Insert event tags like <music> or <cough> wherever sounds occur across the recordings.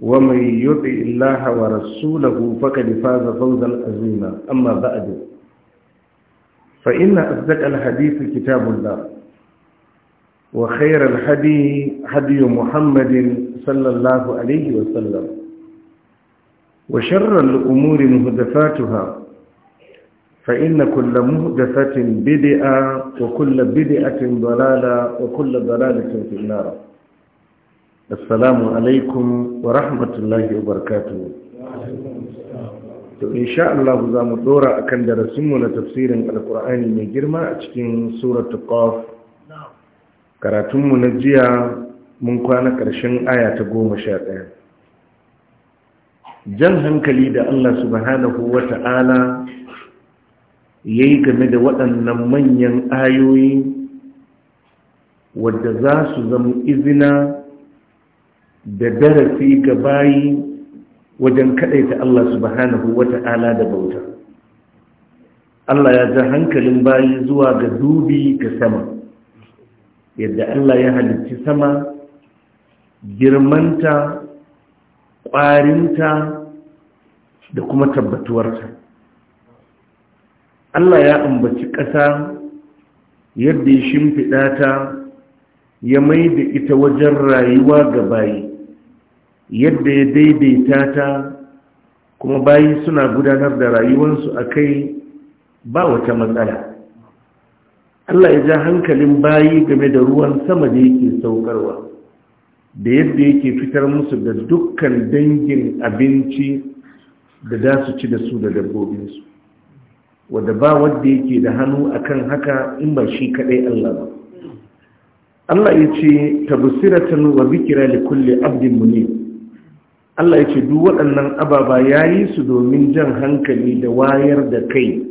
ومن يطع الله ورسوله فقد فاز فوزا عظيما اما بعد فان اصدق الحديث كتاب الله وخير الهدي هدي محمد صلى الله عليه وسلم وشر الامور محدثاتها فان كل محدثه بدعه وكل بدعه ضلاله وكل ضلاله في النار assalamu alaikum wa rahmatullahi wa barakatuhu to sha Allah za mu dora akan darasinmu na tafsirin alkur'ani mai girma a cikin suratul qaf karatunmu na jiya mun kwana ƙarshen aya ta goma sha ɗaya jan hankali da Allah subhanahu wa ta'ala ya yi game da waɗannan manyan ayoyi wadda za su zama izina da darasi ga bayi wajen kaɗaita Allah subhanahu wata'ala da bauta Allah ya ja hankalin bayi zuwa ga dubi ga sama yadda Allah ya halicci sama girmanta ƙwarinta da kuma tabbatuwarta Allah ya ambaci ƙasa yadda ya shimfiɗa ta ya mai da ita wajen rayuwa ga bayi yadda ya daidaita ta kuma bayi suna gudanar da rayuwarsu a kai ba wata matsala Allah ya ja hankalin bayi game da ruwan sama da yake saukarwa da yadda yake fitar musu da dukkan dangin abinci da za su ci da su da dabbobinsu wadda ba wadda yake da hannu akan haka in ba shi kaɗai Allah ba Allah ya ce ta wa bikira da kulle abdin munib Allah ya ce duk waɗannan ababa ya yi su domin jan hankali da wayar da kai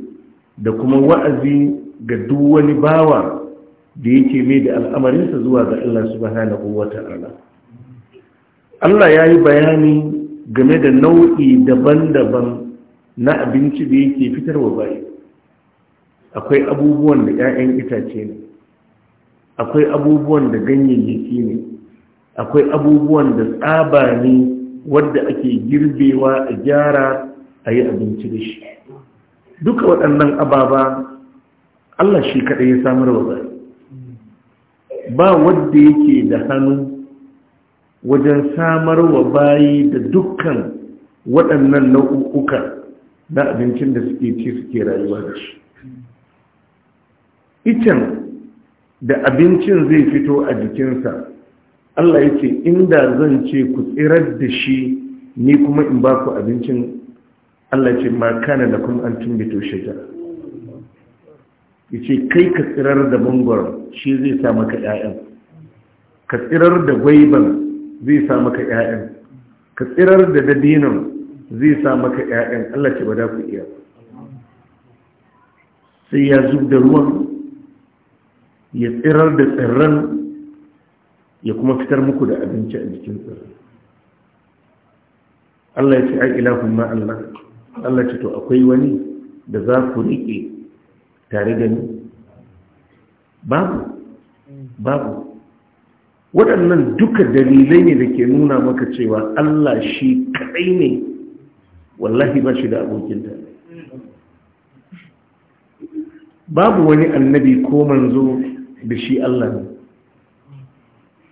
da kuma wa'azi ga duk wani bawa da yake mai da al'amarinsa zuwa ga Allah subhanahu wa ta'ala. Allah ya yi bayani game da nau'i daban-daban na abinci da yake wa bayi. Akwai abubuwan da ‘ya'yan itace ne, akwai abubuwan da ganyayyaki ne, akwai abubuwan da tsaba ne wadda ake girbewa a gyara a yi abinci da shi duka waɗannan ababa Allah shi kaɗai ya samar wa ba wadda yake da hannu wajen samar wa bayi da dukkan waɗannan nau'uka na abincin da suke ci suke rayuwa da shi icen da abincin zai fito a jikinsa Allah ya ce inda zan ce ku tsirar da shi ni kuma in ba ku abincin Allah ce ma kana da kuma an bito shajara ya ce kai ka tsirar da mangwaron shi zai sa maka 'ya'yan ka tsirar da gwaiban zai sa maka 'ya'yan ka tsirar da dadinan zai sa maka 'ya'yan Allah ce ba da ku iya sai ya zub da ruwan ya tsirar da tsirran ya kuma fitar muku da abinci a jikin Allah ya ce ai ilahun ma'allah, Allah ce to akwai wani da za ku riƙe tare da ni babu babu waɗannan duka dalilai ne da ke nuna maka cewa Allah shi kaɗai ne wallahi ba shi da abokin ta. babu wani annabi ko manzo da shi Allah ne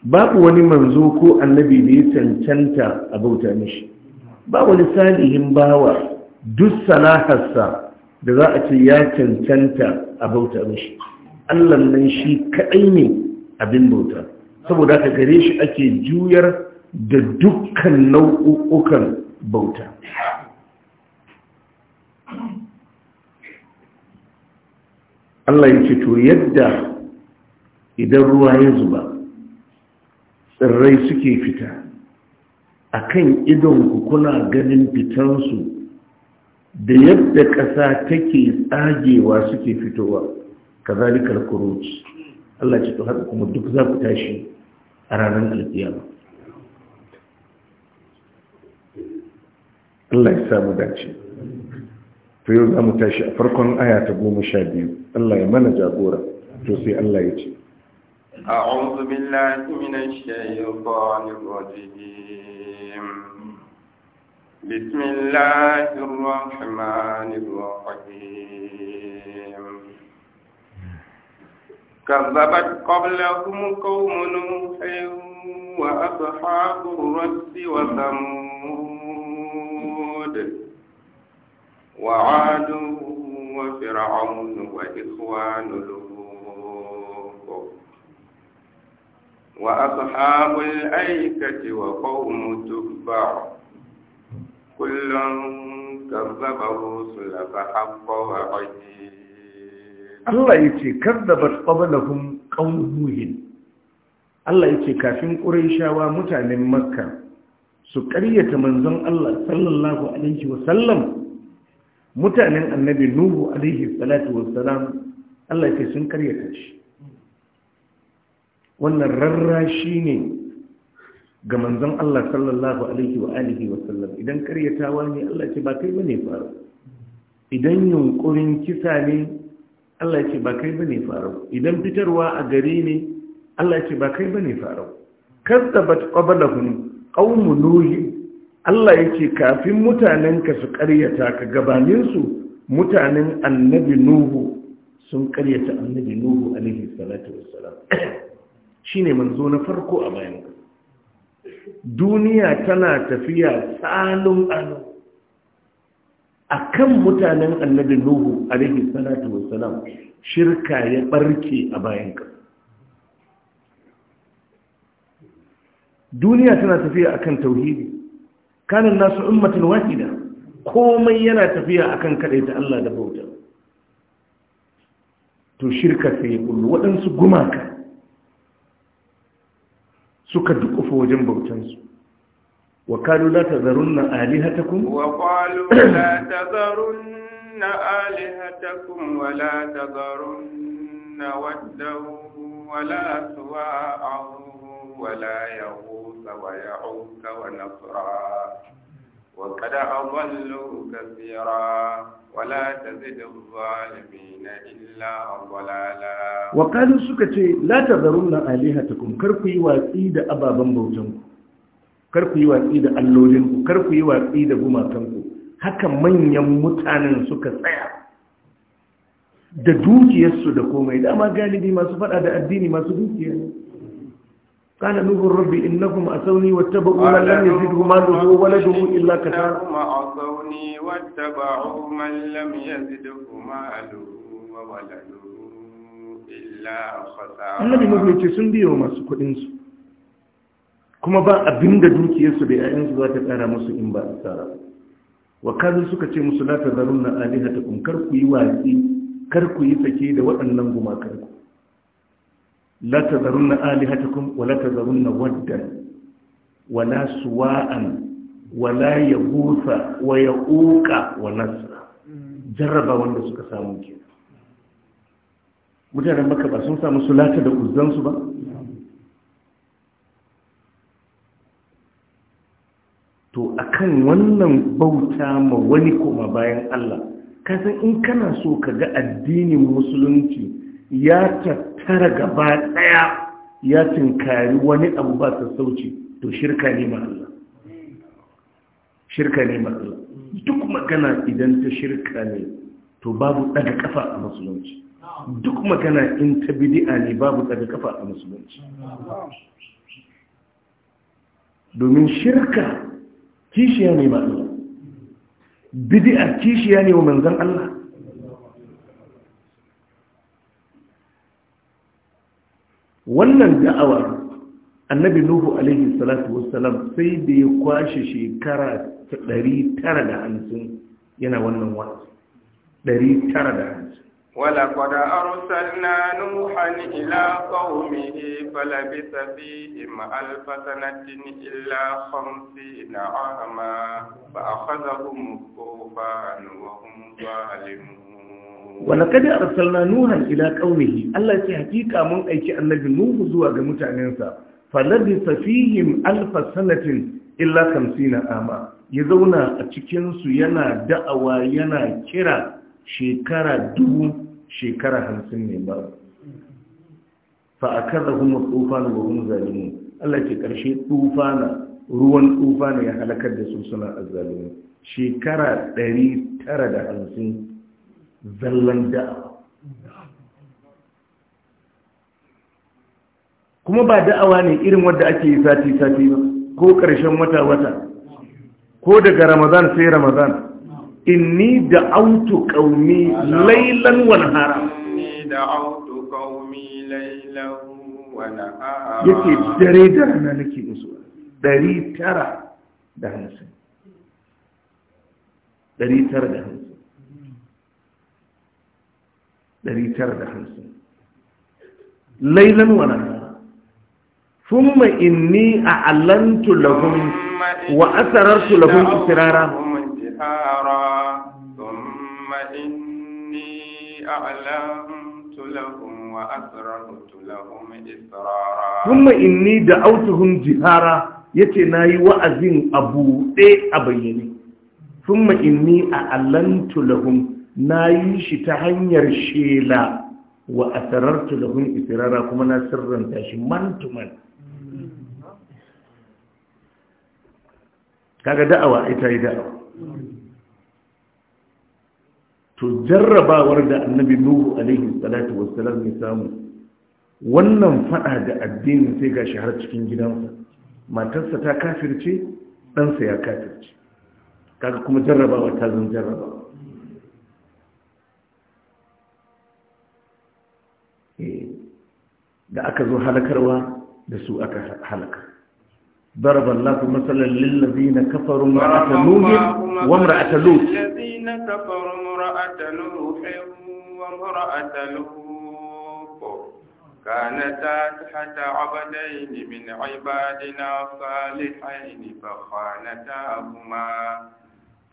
babu wani manzo ko annabi da ya cancanta a bauta mishi ba wani salihin bawa duk sana'arsa da za a ce ya cancanta a bauta mishi Allah nan shi kaɗai ne abin bauta saboda ka gare shi ake juyar da dukkan nau'ukan bauta Allah ya ce to yadda idan ruwa ya zuba tsirrai suke fita a kan idonku kuna ganin fitansu da yadda ƙasa take tsagewa suke fitowa ka zalikar kuroci Allah ce tuhar kuma duk za ku tashi a ranar alkiyama Allah ya samu dace to yau za mu tashi a farkon aya ta goma sha biyu Allah ya mana jagora to sai Allah ya ce أعوذ بالله من الشيطان الرجيم بسم الله الرحمن الرحيم كذبت قبلهم قوم نوح وأصحاب الرس وثمود وعاد وفرعون وإخوان لوط وأصحاب الأيكة وقوم تبع كل كذب الرسل فحق وعيد Allah ya ce, "Kardabar ƙwabalahun ƙaunuhin." Allah ya ce, "Kafin ƙuraishawa mutanen Makka su ƙaryata manzon Allah sallallahu Alaihi wasallam, mutanen annabi Nuhu Alaihi salatu Wasallam, Allah ya ce sun ƙaryata shi. wannan rarrashi ne ga manzon Allah sallallahu alaihi wa alihi wa sallam idan karyatawa ne Allah ce ba kai bane faru idan yunkurin kisa ne Allah ce ba kai bane faru idan fitarwa a gari ne Allah ce ba kai bane faru kazzabat qablahum qaum nuhi. Allah yake kafin mutanen ka su karyata ka gabanin su mutanen annabi nuhu sun karyata annabi nuhu alaihi salatu wassalam shine manzo na farko a bayan duniya tana tafiya tsalin A akan mutanen annabi nuhu alaihi salatu wassalam shirka ya barke a bayan ka duniya tana tafiya akan tauhidi kanin nasu ummatan wahida komai yana tafiya akan ta Allah da bauta to shirka sai kullu waɗansu gumaka suka dukufa wajen bautansu wa kalu la tazarunna alihatakum wa qalu la tazarunna alihatakum wa la tazarunna waddan wa la tuwa'u wa la yaghutha wa ya'uka wa nasra وقد أضلوا كثيرا ولا تزد الظالمين إلا ضلالا وقالوا سكتي لا تذرون آلهتكم كركي وإيد أبا بمبوتنكم كركي وإيد اللولنكم كركي وإيد غماتنكم هكا من mutanen suka tsaya da dukiyarsu da komai dama galibi masu fada da addini masu dukiya ne قال نوح ربي إنهم أسوني واتبعوا من لم يزده ماله وولده إلا كثارا عصوني واتبعوا من لم يزده ماله وولده إلا خسارا النبي نوح يتي سن بيو ما سكدين سو kuma ba abin da dukiyarsu da ‘ya'yansu za ta tsara musu in ba a tsara wa kazi suka ce musu lata zarun na alihata kun karku yi watsi karku yi sake da waɗannan gumakarku la tazarunna alihatakum wa la tazarunna waddan wa suwa'an wa ya gusa, wa ya'uqa wa nasa. jarraba wanda suka samu kenan mutanen maka ba sun samu sulata da uzzansu ba to akan wannan bauta ma wani kuma bayan Allah kasan in kana so ka ga addinin musulunci ya tattara gaba daya ya tinkari wani abu ba sauci to shirka ne ma Allah shirka ne ma Allah duk magana idan ta shirka ne to babu daga kafa a musulunci duk magana in ta bidi'a ne babu daga kafa a musulunci domin shirka kishiya ne ma Allah kishiya ne wa manzan Allah wannan da'awa annabi nuhu alaihi salatu wassalam sai da ya kwashe shekara ta ɗari tara da hamsin yana wannan wa'azi ɗari tara da ولقد أرسلنا نوحا إلى قومه فلبث فيهم ألف سنة إلا خمسين عاما فأخذهم الطوفان وهم ظالمون wani kadi arsalna nuhan ila qaumihi Allah ce hakika mun aiki annabi nuhu zuwa ga mutanensa faladi safihim alf sanatin illa 50 ama ya zauna a cikin su yana da'awa yana kira shekara dubu shekara hamsin ne ba fa kuma tufan wa hum zalimun Allah ce karshe tufana ruwan tufana ya halakar da su suna azzalimi shekara 950 zallan da'awa kuma ba da'awa ne irin wadda ake yi sati-sati ba ko ƙarshen wata-wata ko daga ramazan sai ramazan inni da'autu qaumi laylan wa nahara da'autu qaumi laylan wa nahara yake dare da rana nake musu dari tara da hamsin dari tara da hamsin 950 ليلا ونهارا ثم إني أعلنت لهم وأسررت لهم إسرارا ثم إني أعلنت لهم وأسررت لهم إسرارا ثم إني دعوتهم جهارا yace na yi wa'azin a buɗe a bayyane sun inni a allantu lahum na yi shi ta hanyar shela wa da hun isirara kuma na sirranta shi man to man kaga da'awa ita yi da'awa to jarrabawar da annabi nuhu alaihi salatu Salam ya samu wannan fada da addini sai gashi har cikin gidansa matarsa ta kafirce ɗansa ya kafirce kaga kuma jarrabawa ta zan jarrabawa da aka zo halakarwa da su aka halaka ضرب الله مثلا للذين كفروا امرأة نوح وامرأة لوط الذين كفروا امرأة نوح وامرأة لوط كانتا تحت عبدين من عبادنا صالحين فخانتاهما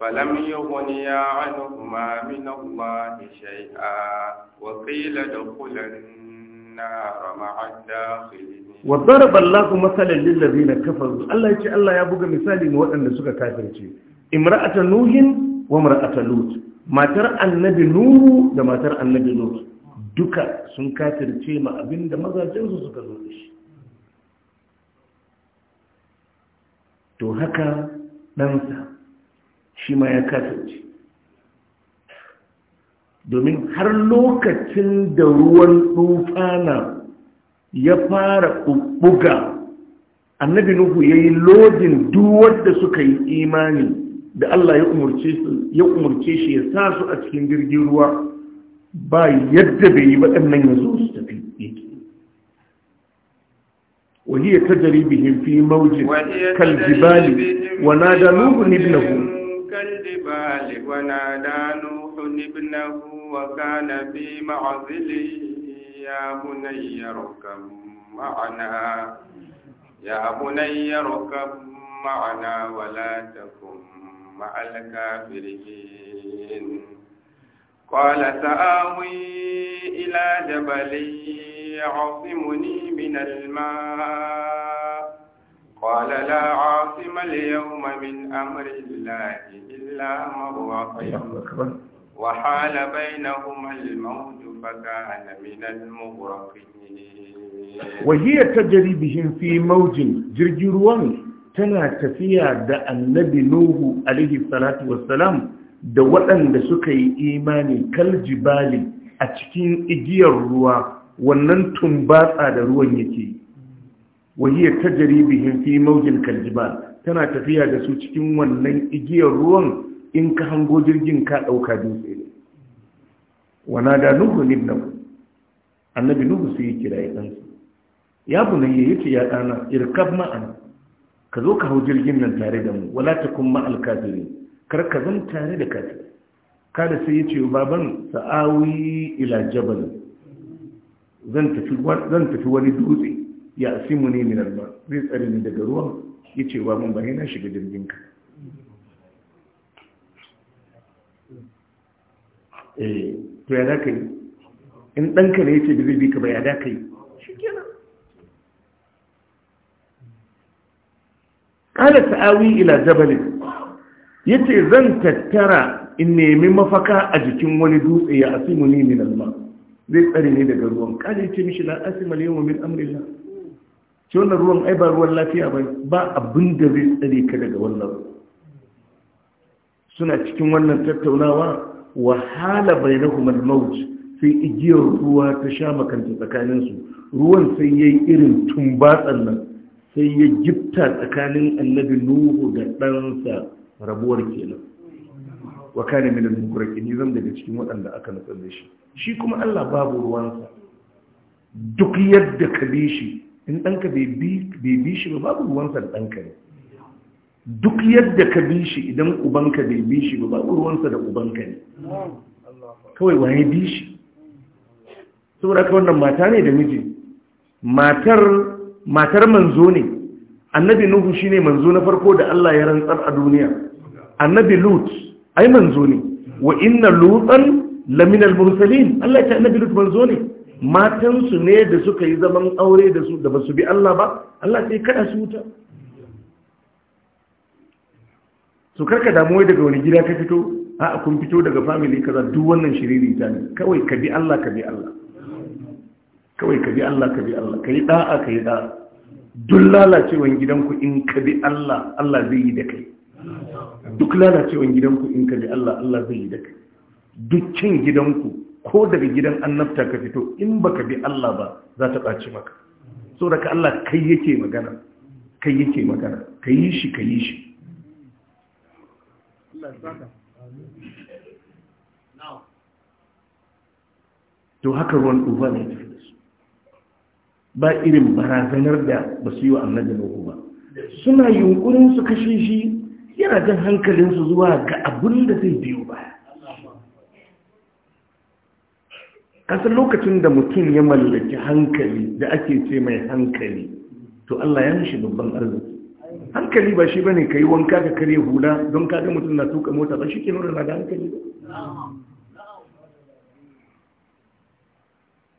فلم يغنيا عنهما من الله شيئا وقيل ادخلا النار مع الداخلين وضرب الله مثلا للذين Allah ya ce Allah ya buga misali ne waɗanda suka kafirce imra'atu nuhin wa imra'atu lut matar annabi nuhu da matar annabi lut duka sun kafirce ma abinda mazajen su suka zo shi to haka ɗansa shi ma ya kafirce domin har lokacin da ruwan tufana ya fara ɓuɓɓuga annabi nuhu ya yi lodin da suka yi imani da Allah ya umarce shi ya sa su a cikin jirgin ruwa ba yadda bai yi waɗannan yanzu su tafi yake وهي تجري بهم في موج كالجبال ونادى نوح ابنه كالجبال ونادى نوح ابنه وكان في معزلي يا بني اركب معنا يا بني اركب معنا ولا تكن مع الكافرين قال سآوي إلى جبل يعصمني من الماء قال لا عاصم اليوم من أمر الله إلا من رحم وحال بينهما الموج فكان من المغرقين وهي تجري بهم في موج جرجروان تنا تفيا دا النبي نوح عليه الصلاة والسلام da waɗanda suka yi imani kaljibali a cikin igiyar ruwa wannan tumbatsa da ruwan yake wahiyar ta jaribihin fi maujin kaljibal tana tafiya da su cikin wannan igiyar ruwan in ka hango jirgin ka ɗauka dutse ne wana da nuhu nibnahu annabi nuhu sai ya kira ya ɗansu ya yi yake ya ɗana irkab ma'ana ka zo ka hau jirgin nan tare da mu wala ta kuma alkafirin kar ka zan tare da ka kada sai ya ce baban sa'awi ila jabal zan tafi wani dutse ya asimu ne min ba, zai tsare ni daga ruwan ya ce baban ba yana shiga jirgin ka. Eh, to ya zaka yi in ɗanka ne yace zai bi ka bai ya zaka yi shikenan sa'awi ila jabal yace zan tattara in nemi mafaka a jikin wani dutse ya asimu ni min alma zai tsare ne daga ruwan ya yace mishi la asimu al-yawma min amrillah shi wannan ruwan ai ba ruwan lafiya ba ba abin da zai tsare ka daga wannan suna cikin wannan tattaunawa wahala bai rahuman mawuj sai igiyar ruwa ta sha makanta tsakaninsu ruwan sai ya yi irin batsan nan sai ya gifta tsakanin annabi nuhu da ɗansa rabuwar kenan wa kane milan mukuraki ni zan daga cikin waɗanda aka nutsar da shi shi kuma allah babu ruwansa duk yadda ka bi shi in ɗanka bai bi shi ba babu ruwansa da ɗanka ne duk yadda ka bi shi idan ubanka bai bi shi ba ruwansa da ubanka ne kawai waye bi shi saboda ka wannan mata ne da miji matar manzo ne annabi nuhu shine manzo na farko da Allah ya rantsar a duniya annabi lut ai manzo ne wa inna lutan laminal al-mursalin Allah ya annabi lut manzo ne matan su ne da suka yi zaman aure da su da basu bi Allah ba Allah sai kada su wuta so karka damu daga wani gida ka fito a kun fito daga family kaza duk wannan shiriri ta ne kawai ka bi Allah ka bi Allah kawai ka bi Allah ka bi Allah ka yi da'a ka yi ɗa'a. duk lalacewan gidanku in ka bi Allah Allah zai yi da kai duk lalacewan gidanku in ka bi Allah Allah zai yi da kai duk cin gidanku ko daga gidan annabta ka fito in baka bi Allah ba za ta ɓaci maka so ka Allah kai yake magana kai yake magana ka yi shi ka yi shi to haka ruwan duba ne ta da su ba irin barazanar da ba su yi wa annabi nuhu ba suna yunkurin su kashe shi yana jan hankalinsu zuwa ga abin da zai biyo baya kasar lokacin da mutum ya mallaki hankali da ake ce mai hankali to Allah ya mishi babban arziki hankali ba shi ba ne ka yi wanka ka kare hula don kaga mutum na tuka mota ba shi ke nuna da hankali ba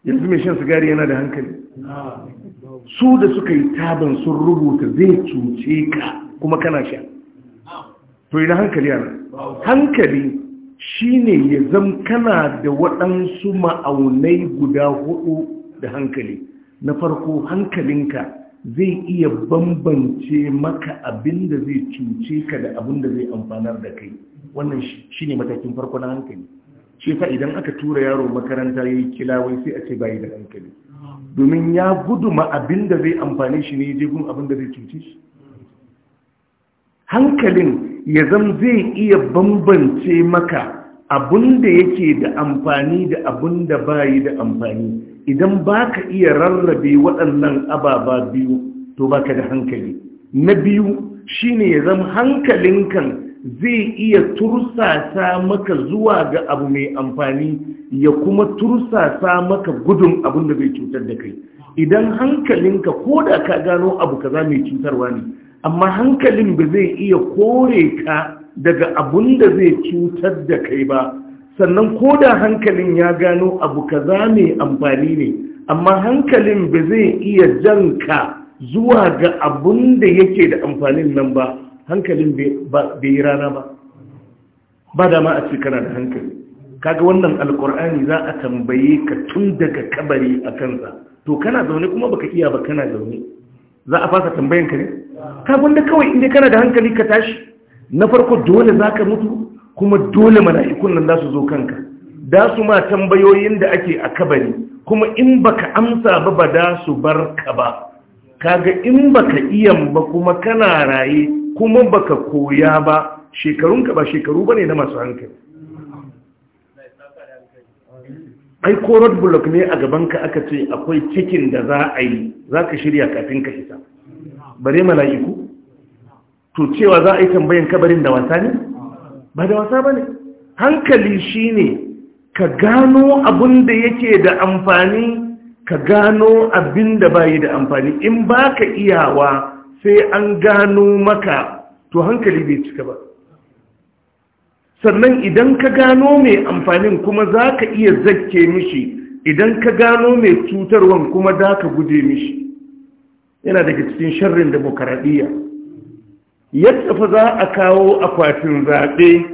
yanzu mai shan sigari yana da hankali su da suka yi taban sun rubuta zai cuce ka kuma kana sha to yi na hankali yana hankali shi ne ya zam kana da waɗansu ma'aunai guda hudu da hankali na farko hankalinka zai iya bambance maka abin da zai cuce ka da abin da zai amfanar da kai wannan shi ne matakin farko na hankali shi fa idan aka tura yaro makaranta ya yi kilawai sai a ce bayi da hankali domin ya gudu ma abin da zai amfane shi ne je abin da zai cuce shi hankalin ya zan zai iya bambance maka abin da yake da amfani da abin da bayi da amfani idan ba ka iya rarrabe waɗannan ababa biyu to ba ka da hankali na biyu shine ya zama hankalinkan zai iya tursasa maka zuwa ga abu mai amfani ya kuma tursasa maka gudun abin da zai cutar da kai idan hankalinka ko da ka gano abu kaza mai cutarwa ne amma hankalin ba zai iya kore ka daga abin da zai cutar da kai ba sannan ko da hankalin ya gano abu za mai amfani ne amma hankalin ba zai iya janka zuwa ga abun da yake da amfanin nan ba hankalin bai yi rana ba ba dama a ce kana da hankali kaga wannan alkur'ani za a tambaye ka tun daga kabari a kansa to kana zaune kuma baka iya ba kana zaune za a fasa tambayanka ka ne ka wanda kawai inda kana da hankali ka tashi na farko dole za ka mutu kuma dole mala'ikun nan za su zo kanka da su ma tambayoyin da ake a kabari kuma in baka amsa ba ba da su bar ka ba kaga in baka iyan ba kuma kana raye kuma baka koya ba shekarunka ba shekaru bane na masu hankali ai ko road block ne a gaban ka aka ce akwai cikin da za a yi za ka shirya kafin ka isa bare mala'iku to cewa za a yi tambayin kabarin da wasa ne ba da wasa ba ne hankali shi ne ka gano abin da yake da amfani ka gano abin da bayi da amfani in ba ka iyawa sai an gano maka to hankali bai cika ba sannan idan ka gano mai amfanin kuma za ka iya zakke mishi idan ka gano mai cutarwan kuma za ka guje mishi yana daga cikin sharrin demokaradiyya yadda fa za a kawo akwatin zaɓe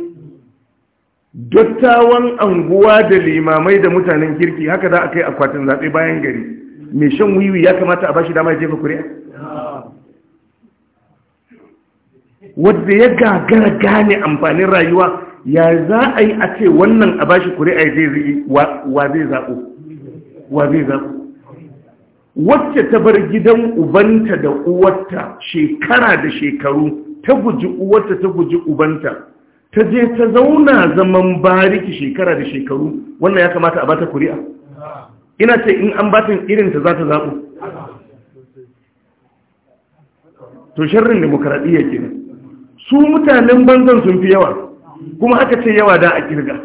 dattawan anguwa da limamai da mutanen kirki haka za a kai akwatin zaɓe bayan gari mai shan wiwi ya kamata a bashi dama ya jefa kuri'a wadda ya gagara gane amfanin rayuwa ya za a yi a ce wannan a bashi kuri'a ya wa zai zaɓo wa zai zaɓo wacce ta bar gidan ubanta da uwarta shekara da shekaru ta guji uwarta ta guji ubanta ta je ta zauna zaman bariki shekara da shekaru wannan ya kamata a bata kuri'a ina ce in an batan irinta za ta zaɓu to sharrin demokaradiyya ke su mutanen banzan sun fi yawa kuma aka ce yawa da a kirga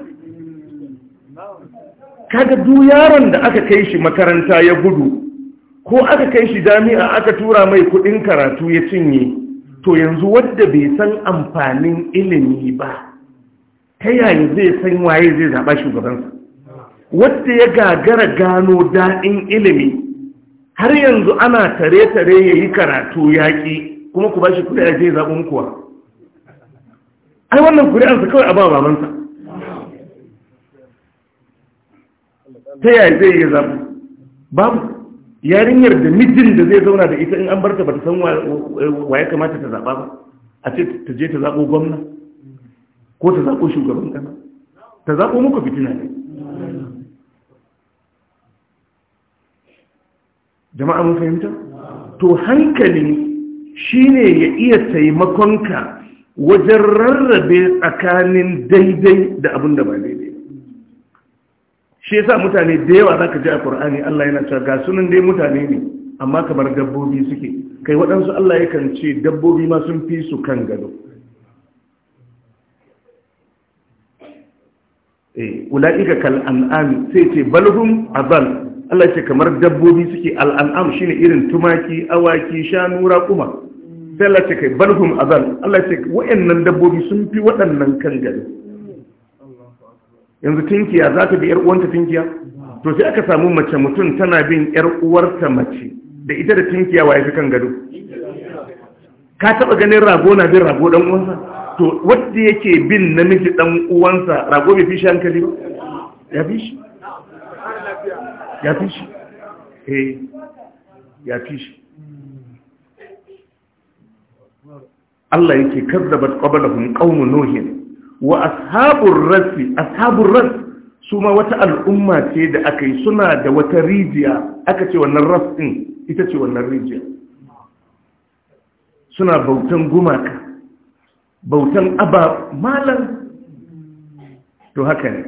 kaga du yaron da aka kai shi makaranta ya gudu ko aka kai shi jami'a aka tura mai kudin karatu ya cinye to yanzu wadda bai san amfanin ilimi ba ta yaya zai san waye zai zaɓa shugabansa wadda ya gagara gano daɗin ilimi har yanzu ana tare-tare ya yi karatu yaƙi kuma ku ba shi kuri a zai zaɓin kuwa ai wannan su kawai a ba babansa ta yaya zai yi zaɓi babu yarinyar da mijin da zai zauna da ita in an barta ba ta san wa ya kamata ta zaɓa ba a ce ta je ta zaɓo gwamna ko ta zaɓo shugaban ƙasa ta zaɓo muku fitina ne jama'a mun fahimta to hankali shine ya iya taimakonka wajen rarrabe tsakanin daidai da abin da ba daidai shi yasa mutane da yawa zaka ji a Qur'ani Allah yana cewa ga sunan dai mutane ne amma kamar dabbobi suke kai waɗansu Allah kan ce dabbobi ma sun fi su kan gado eh ulaika kal an'am sai ce balhum azal Allah ce kamar dabbobi suke al an'am shine irin tumaki awaki shanu raƙuma sai Allah ce kai balhum azal Allah ce waɗannan dabbobi sun fi waɗannan kan gado yanzu tinkiya za ta bi yar uwanta tinkiya to sai aka samu mace mutum tana bin yar uwarta mace da ita da tinkiya wa yafi kan gado ka taba ganin rago na bin rago dan uwansa to wanda yake bin namiji dan uwansa rago bai fi shi hankali ba ya fi shi ya fi shi eh ya fi shi Allah yake kazzabat qablahum qaumun nuhin wa ashabur rasi ashabur ras su ma wata al'umma ce da aka yi suna da wata rijiya aka ce wannan ras din ita ce wannan rijiya suna bautan gumaka bautan aba malan to haka ne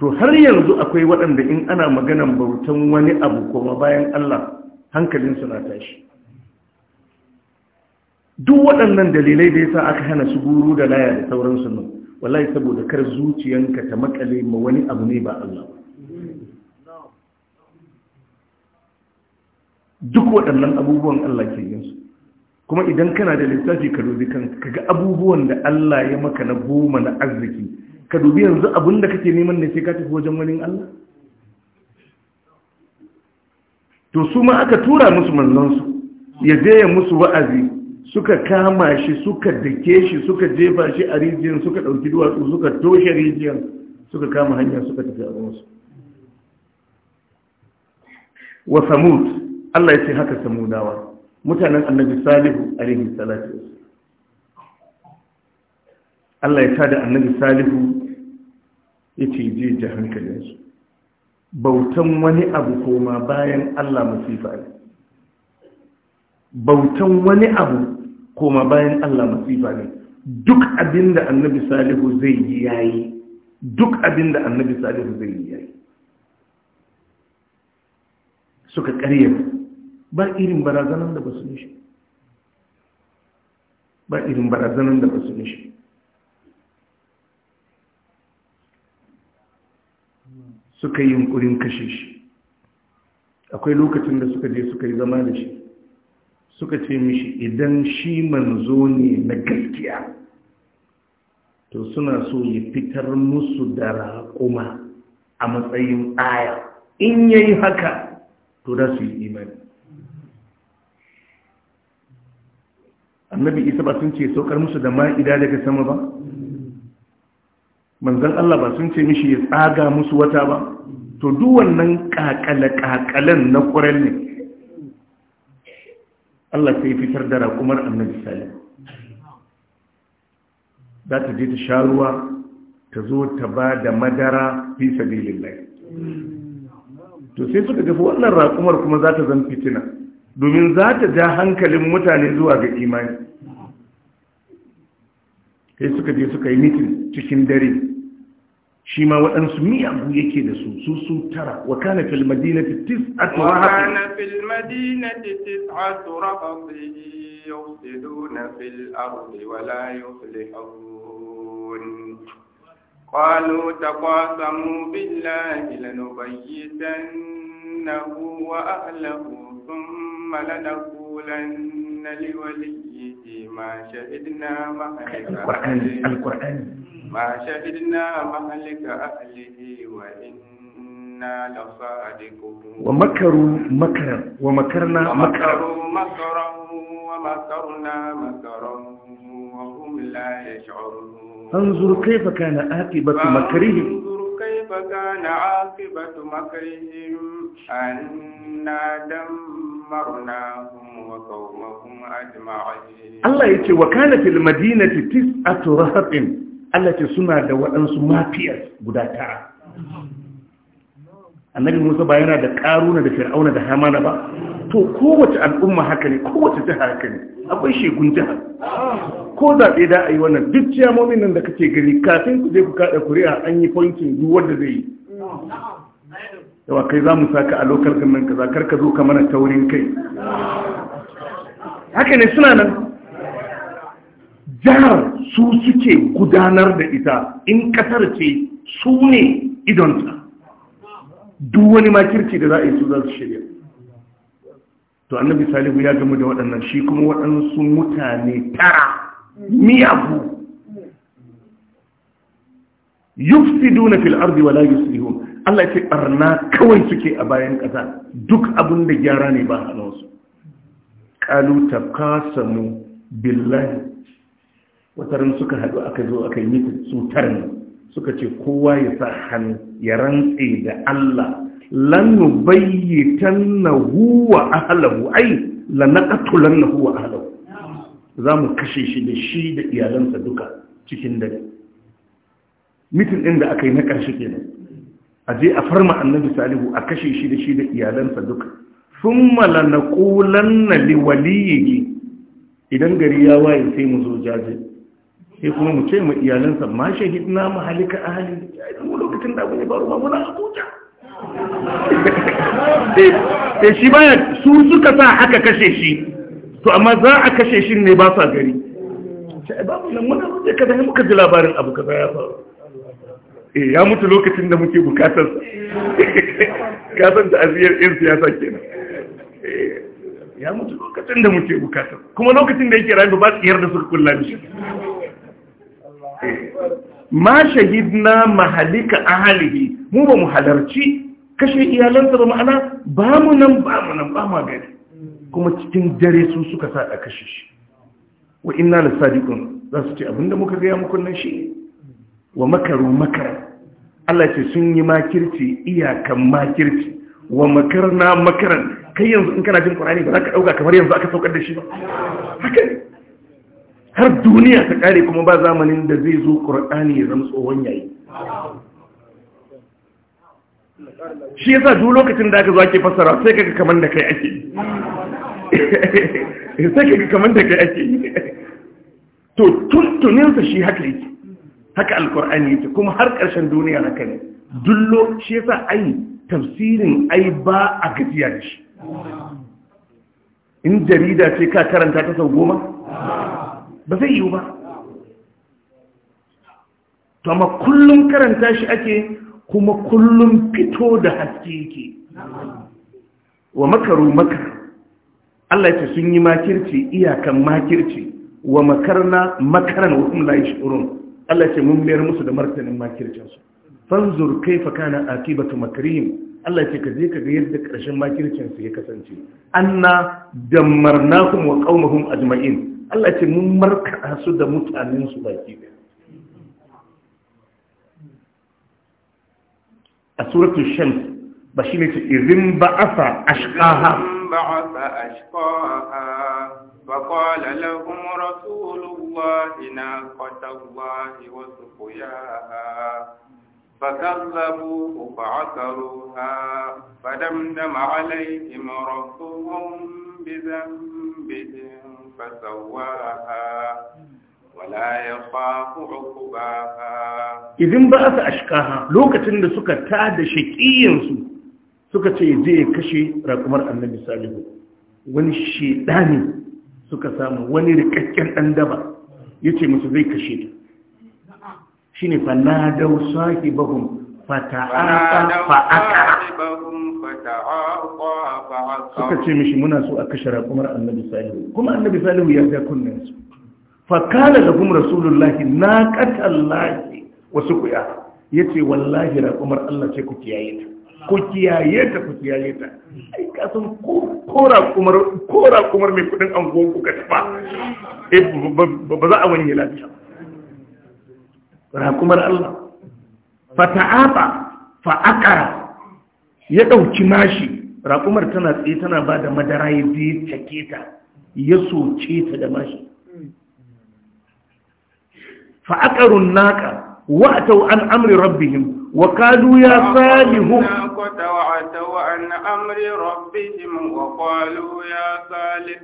to har yanzu akwai waɗanda in ana maganan bautan wani abu kuma bayan Allah hankalin suna tashi duk waɗannan dalilai da yasa aka hana su guru da laya da sauransu nan wallahi saboda kar zuciyanka ta makale ma wani abu ne ba Allah duk waɗannan abubuwan Allah ke yin su kuma idan kana da lissafi ka dubi kanka kaga abubuwan da Allah ya maka na goma na arziki ka dubi yanzu abin da kake neman ne sai ka tafi wajen wani Allah to su ma aka tura musu su ya je ya musu wa'azi suka kama shi suka dake shi suka jefa shi a rijiyar suka ɗauki duwatsu suka toshe rijiyar suka kama hanya suka tafi a wasu wa samud Allah ya ce haka samudawa mutanen annabi salihu alaihi salatu Allah ya tada annabi salihu ya ce je ji hankalinsu bautan wani abu koma bayan Allah musifa ne bautan wani abu koma bayan Allah masifa ne duk abinda annabi salihu zai yi yayi duk abinda annabi salihu zai yi yayi suka karye ba irin barazanan da basu nishi ba irin barazanan da basu nishi suka yi yunkurin kashe shi akwai lokacin da suka je suka yi zama da shi suka ce mishi idan shi manzo ne na gaskiya to suna so ya fitar musu da raƙuma a matsayin aya in ya yi haka to da su yi imani annabi isa ba sun ce saukar musu da ma'ida daga sama ba manzan Allah ba sun ce mishi ya tsaga musu wata ba to duk wannan kakale-kakalen na ƙuren ne Allah sai fitar da rakumar annabi sai za ta je ta sha ruwa ta zo ta ba da madara fi sabilin lai to sai suka tafi wannan rakumar kuma za ta zan fitina domin za ta ja hankalin mutane zuwa ga imani sai suka je suka yi mitin cikin dare shi ma waɗansu miyagu yake da su su su tara wa kana fil madinati tis'atu wa kana fil madinati tis'atu raqabi yufsiduna fil ardi wa la yuflihun قالوا تقاسموا بالله لنبيتنه وأهله ثم لنقولن إن لوليه ما شهدنا مهلك القرآن القرآن ما شهدنا مهلك أهله وإنا لصادقون ومكروا مكرا ومكرنا مكرا ومكروا مكرا ومكرنا مكرا وهم لا يشعرون انظر كيف كان عاقبة مكرهم Ka kaifa Ghana ƙasibata makarantar a nan dan maruna. Allah ya ce wakanancen Madinah Titus a turar haɗin, Allah ce suna da waɗansu mafiyas guda tara. A naga ya musa ba yana da ƙarona da firauna da hamana ba? To kowace al'umma haka ne, kowace jihar haka ne, akwai shegun jihar. ko zaɓe da a yi wannan duk ciyamomin nan da kake gari kafin ku je ku kaɗa kuri'a an yi pointin duk wanda zai yi yawa kai za mu saka a lokar gannan ka kar ka zo ka mana taurin kai haka ne suna nan jihar su suke gudanar da ita in kasar ce su ne idonta duk wani makirci da za a yi su za su shirya to annabi salihu ya gama da waɗannan shi kuma waɗansu mutane tara miyagu yufsiduna fil ardi wala yuslihun Allah ce barna kawai suke a bayan ƙasa duk abin da gyara ne ba halansu kalu taqasamu billahi wataran suka haɗu aka zo aka yi cutar ne suka ce kowa ya sa hannu ya rantse da Allah lannu bayyatan na huwa ahlahu ai lanaqatulan na huwa za mu kashe shi da shi da iyalansa duka cikin dare mitin ɗin da aka yi na ƙarshe ke nan, a je a farma annabi salihu a kashe shi da shi da iyalansa duka sun mala na ƙulan na liwaliyi idan gari ya waye sai mu zo jaje sai kuma mu ce mu iyalansa ma shahid na mu halika a hali idan mu lokacin da abin ya faru ma muna abuja <laughs> sai shi baya su suka sa aka kashe shi to amma za a kashe shi ne ba sa gari sai babu nan muna rufe kada ne muka ji labarin abu kaza ya faru eh ya mutu lokacin da muke bukatar <laughs> ka san da aziyar yan siyasa kenan eh, ya mutu lokacin da muke bukatar kuma lokacin da yake rayuwa ba su yarda su kulla shi eh, ma shahidna mahalika ahalihi mu ba mu halarci kashe iyalansa ba ma'ana ba mu nan ba mu nan ba mu gari kuma cikin dare su suka sa a kashe shi wa inna la sadiqun za su ce abinda muka ga ya muku nan shi wa makaru makara Allah ce sun yi makirci iyakan makirci wa makarna makaran kai yanzu in kana jin Qur'ani ba za ka dauka kamar yanzu aka saukar da shi ba haka har duniya ta kare kuma ba zamanin da zai zo Qur'ani ya zama tsohon yayi shi yasa duk lokacin da aka zo ake fassara sai kaga kamar da kai ake <laughs> sai ka kamar da kai ake yi to tuntuninsa shi haka yake haka alkur'ani yake kuma har ƙarshen duniya haka ne dullo shi yasa ai tafsirin ai ba a gajiya da shi in jarida ce ka karanta ta sau goma ba zai yiwu ba to amma kullum karanta shi ake kuma kullum fito da haske yake wa makaru makaru Allah ce sun yi makirci iyakan makirci wa makarna makaran wa kuma layi shi'urun Allah ce mun mayar musu da martanin makircinsu fanzur kaifa kana akibatu makrihim Allah ce ka je ka ga yadda karshen makircinsu ya kasance anna dammarnahum wa qaumahum ajma'in Allah ce mun markaɗa su da mutanen su baki ɗaya a suratul shams ba shine ce irin ba'asa ashqaha بعث أشقاها فقال لهم رسول الله ناقة الله وسقياها فكذبوه فعكروها فدمدم عليهم ربهم بذنبهم فسواها ولا يخاف عقباها إذن بعث أشقاها لوكة لسكة تاد شكيا سوء suka ce je kashe rakumar annabi salihu wani shedani suka samu wani rikakken dan daba yace musu zai kashe ta shine fa nadaw sahibahum fata'aqa fa'aqa suka ce mishi muna so a kashe rakumar annabi salihu kuma annabi salihu ya ga kunnen su fa kana kuma rasulullahi naqatallahi wasu kuya yace wallahi raƙumar Allah ce ku kiyaye ta ku kiyaye ta ku kiyaye ta ai ka san kora kumar kora kumar mai kudin angon ku ka tafa eh ba za a wani lafiya ra kumar Allah ta'ata fa akara ya dauki mashi raƙumar tana tsaye tana ba da madara ya je take ta ya soce ta da mashi fa'aƙarun naƙa ta'u an amri rabbihim وقالوا يا صالح وعتوا عن ya ربهم وقالوا يا صالح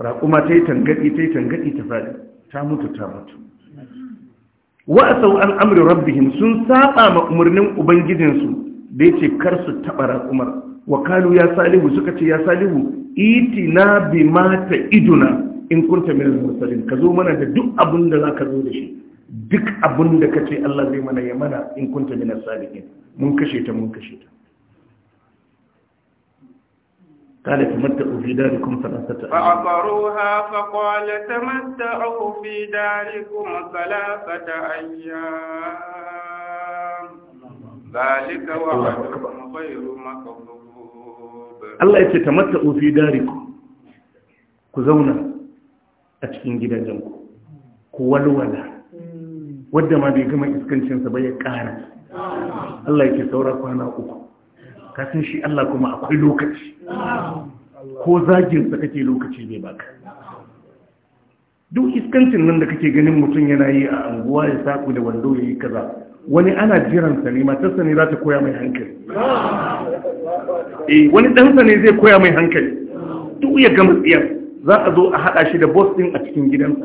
raƙuma ta yi tangaɗi ta yi tangaɗi ta faɗi ta mutu ta mutu wa'asau an amri rabbihim sun saɓa ma umarnin ubangijinsu da ya ce kar su taɓa raƙumar wa kalu ya salihu suka ce ya salihu itina bi mata iduna in kunta min al-mursalin ka zo mana da duk abin da zaka zo da shi duk abin da kace Allah zai mana ya mana in kunta min al-salihin mun kashe ta mun kashe ta قال تمتعوا في داركم ثلاثة أيام فعقروها فقال تمتعوا في داركم ثلاثة أيام ذلك وعد غير مكذوب Allah ya ce ta matta ofi dari ku zauna a cikin gidajenku ku walwala wadda ma bai gama iskancinsa ba ya ƙara Allah ya ke saura kwana uku Kafin shi Allah kuma akwai lokaci ko zaginsa kake lokaci bai baka duk iskancin nan da kake ganin mutum yana yi a anguwa ya saku da wando ya yi kaza wani ana jiransa ne matarsa ne za ta koya mai hankali eh wani ɗansa ne zai koya mai hankali duk ya gama tsiyar za a zo a haɗa shi da Boston a cikin gidansa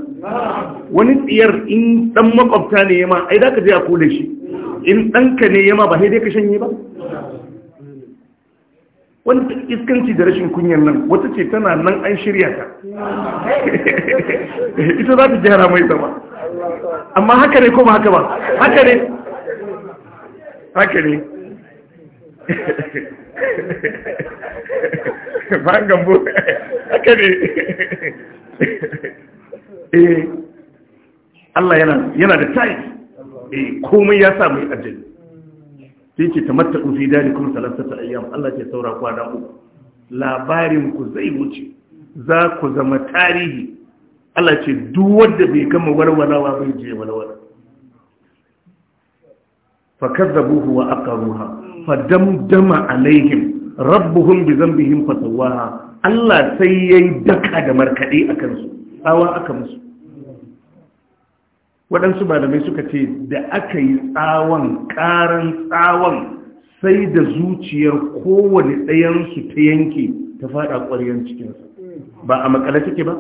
wani tsiyar in ɗan makwabta ne yama ai za ka je a kula shi in ɗanka ne yama ba sai dai ka shanye ba wani iskanci da rashin kunyar nan wata ce tana nan an shirya ta <laughs> ita za ta gyara mai zama amma haka ne ko ba haka ba haka ne haka ne ban gambo haka ne eh Allah yana yana da tayi eh komai ya samu ajali sai ce ku fi dalikum salasata ayyam Allah ke saura ku da ku. labarin ku zai wuce za ku zama tarihi Allah ce duk wanda bai gama warwarawa bai je walwala fakazzabuhu wa aqaruha fadamdama alaihim rabbuhum bi dhanbihim fasawaha Allah sai yayi daka da markaɗe akan su tsawa aka musu waɗansu malamai suka ce da aka yi tsawon ƙaran tsawon sai da zuciyar kowane ɗayansu ta yanke ta faɗa ƙwaryen cikinsa ba a makala take ba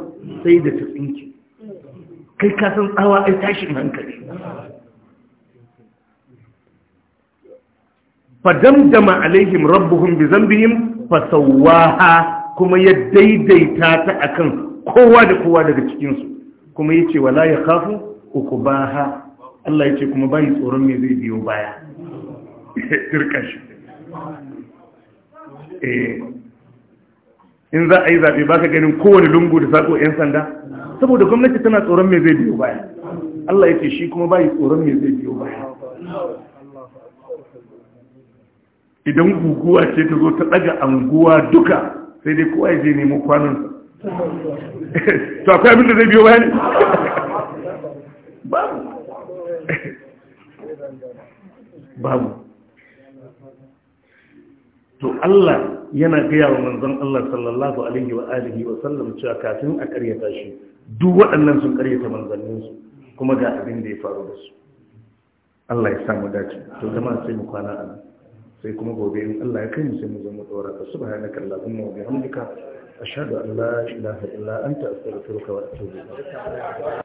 sai da ta tsinke kai kasan tsawa ai tashin hankali فدمدم alaihim ربهم bi فسواها كما kuma ya daidaita ta akan kowa da kowa daga cikin su kuma yace wala ya khafu ukubaha Allah yace kuma bai tsoron me zai biyo baya tirkashi eh in za a yi zabe baka ganin kowane lungu da sako yan sanda saboda gwamnati tana tsoron me zai biyo baya Allah yace shi kuma bai tsoron me zai biyo baya idan guguwa ce ta zo ta daga anguwa duka sai dai kowa ya je nemo kwanan to akwai abin da zai biyo bayani babu babu to Allah yana gaya wa manzon Allah sallallahu alaihi wa alihi wa sallam cewa kafin a karyata shi duk waɗannan sun karyata manzanninsu kuma ga abin da ya faru da su Allah ya samu dace to zama sai mu kwana a nan sai kuma gobe in Allah ya kai sai mu zama dora ka subhanaka allahumma wa bihamdika ashhadu an la ilaha illa anta astaghfiruka wa atubu ilaik